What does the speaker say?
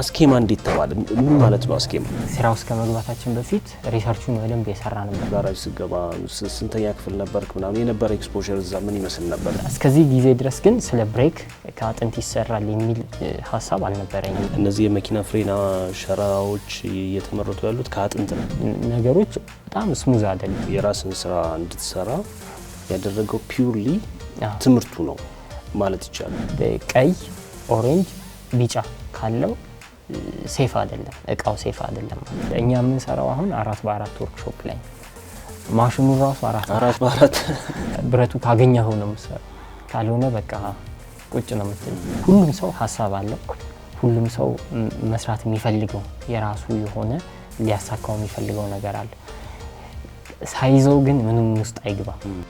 አስኬማ እንዴት ተባለ? ምን ማለት ነው አስኬማ? ስራ ውስጥ ከመግባታችን በፊት ሪሰርቹን በደንብ የሰራ ነበር። ጋራጅ ስገባ ስንተኛ ክፍል ነበርክ? ምናምን የነበረ ኤክስፖዠር እዛ ምን ይመስል ነበር? እስከዚህ ጊዜ ድረስ ግን ስለ ብሬክ ከአጥንት ይሰራል የሚል ሀሳብ አልነበረኝም። እነዚህ የመኪና ፍሬና ሸራዎች እየተመረቱ ያሉት ከአጥንት ነው። ነገሮች በጣም ስሙዝ አይደለም። የራስን ስራ እንድትሰራ ያደረገው ፒውርሊ ትምህርቱ ነው ማለት ይቻላል። ቀይ ኦሬንጅ ቢጫ ካለው ሴፍ አይደለም፣ እቃው ሴፍ አይደለም። እኛ የምንሰራው አሁን አራት በአራት ወርክሾፕ ላይ ማሽኑ ራሱ አራት በአራት ብረቱ ካገኘኸው ነው የምትሰራው፣ ካልሆነ በቃ ቁጭ ነው የምትል። ሁሉም ሰው ሀሳብ አለው። ሁሉም ሰው መስራት የሚፈልገው የራሱ የሆነ ሊያሳካው የሚፈልገው ነገር አለ። ሳይዘው ግን ምንም ውስጥ አይግባም።